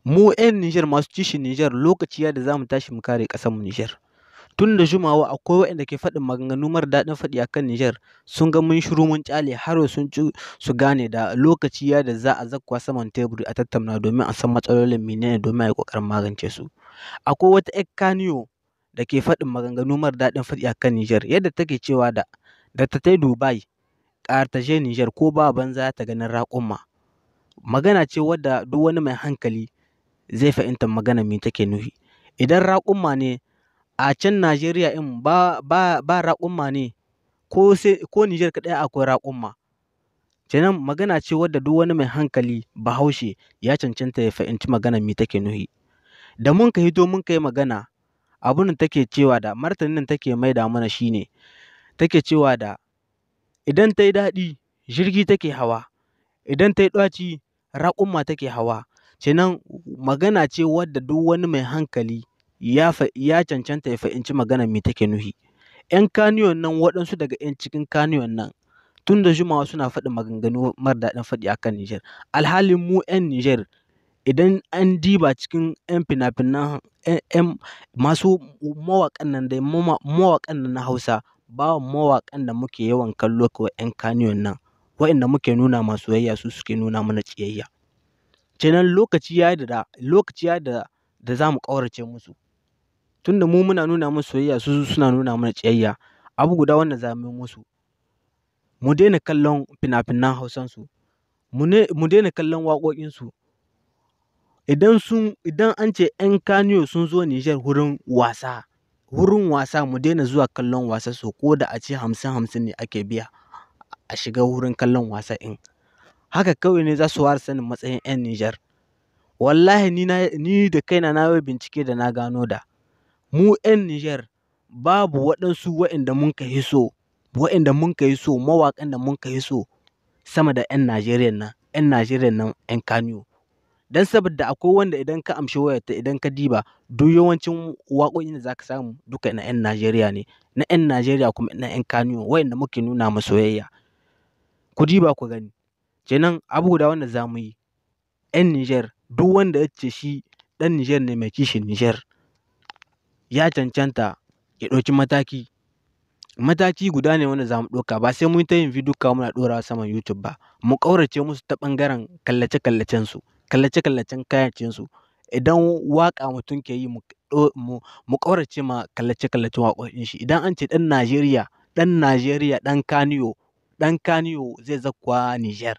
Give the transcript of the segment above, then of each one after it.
Mu 'yan Nijar masu cishin Nijar lokaci ya da zamu tashi mu kare mu Nijar. Tun da Jumawa akwai waɗanda ke faɗin maganganu mara daɗin faɗi a kan Nijar sun ga mun shiru mun ƙyale har yau sun ci su gane da lokaci ya da za a zakkuwa saman teburi a tattauna domin a san matsalolin menene domin a yi ƙoƙarin magance su. Akwai wata 'yar kaniyo da ke faɗin maganganu mara daɗin faɗi a kan Nijar yadda take cewa da da ta tai Dubai ƙartashe Nijar ko ba banza ta ganin raƙumma. Magana ce wadda duk wani mai hankali zai fahimtar magana me take nufi. Idan raƙumma ne a can Najeriya in ba, ba, ba raƙumma ne ko ko Nijar kaɗai akwai raƙumma. Kenan magana ce wadda duk wani mai hankali Bahaushe ya cancanta ya fahimci magana me take nufi. Da mun ka hito mun ka yi magana abun da take cewa da martanin nan take maida mana shine take cewa da idan ta yi daɗi jirgi take hawa, idan ta yi ɗaci raƙumma take hawa, Kenan magana ce wadda duk wani mai hankali ya fa ya cancanta ya fahimci magana mai take nuhi 'Yan kaniyon nan waɗansu daga 'yan cikin kaniyon nan tun da jimawa suna faɗin maganganu mara daɗin faɗi a kan Nijar. Alhalin mu 'yan Nijar idan an diba cikin 'yan fina-finan 'yan masu mawaƙan nan da mawaƙan nan na Hausa wa mawaƙan da muke yawan kallo kawai 'yan kaniyon nan. Waɗanda muke nuna ma soyayya su suke nuna mana ƙiyayya. kenan lokaci ya da lokaci ya da da zamu ƙaurace musu tunda mu muna nuna musu soyayya su suna nuna mana ƙiyayya abu guda wanda za mu yi musu mu daina kallon fina-finan Hausansu mu daina kallon su idan sun idan an ce 'yan kaniyo sun zo Nijar wurin wasa wurin wasa mu daina zuwa kallon wasa su ko da a ce hamsin hamsin ne ake biya a shiga wurin kallon wasa in haka kawai ne za su fara sanin matsayin 'yan Nijar. Wallahi ni, da kaina na yi bincike da na gano da mu 'yan Nijar babu waɗansu waɗanda mun ka so waɗanda mun ka so mawaƙan da mun ka so sama da 'yan Najeriya nan 'yan Najeriya nan 'yan Kano. Dan saboda akwai wanda idan ka amshi wayata idan ka diba duk yawancin waƙoƙin da zaka samu duka na 'yan Najeriya ne na 'yan Najeriya kuma na 'yan Kano waɗanda muke nuna ma soyayya. Ku diba ku gani. Kenan abu guda wanda za mu yi, 'yan Nijar duk wanda ya ce shi ɗan Nijar ne mai kishin Nijar ya cancanta ya ɗauki mataki. Mataki guda ne wanda za mu ɗauka ba sai mun yi ta yin video kawai muna ɗorawa saman YouTube ba. Mu ƙaurace musu ta ɓangaren kallace-kallacensu, kallace-kallacen kayacinsu. Idan waƙa mutum ke yi mu ƙaurace ma kallace-kallacen waƙoƙin shi. Idan an ce ɗan Najeriya, ɗan Najeriya ɗan Kaniyo, ɗan Kaniyo zai zakwa Nijar.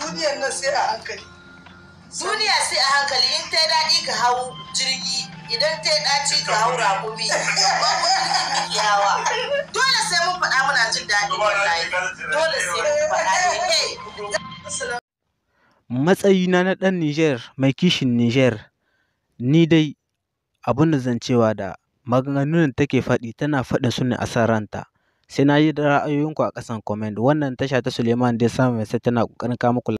duniyar nan sai a hankali duniya sai a hankali in ta daɗi ka hau jirgi idan ta ɗaci ka hau rakumi yawa dole sai mun faɗa muna jin daɗi wallahi dole sai mun faɗa eh, eh. matsayina na ɗan Nijar mai kishin Nijar ni dai abin da zan cewa da maganganun da take faɗi tana faɗin su ne a san ranta Sai na da ra'ayoyinku a ƙasan comment. Wannan tasha ta Suleman D. Sam sai tana ƙoƙarin kawo muku.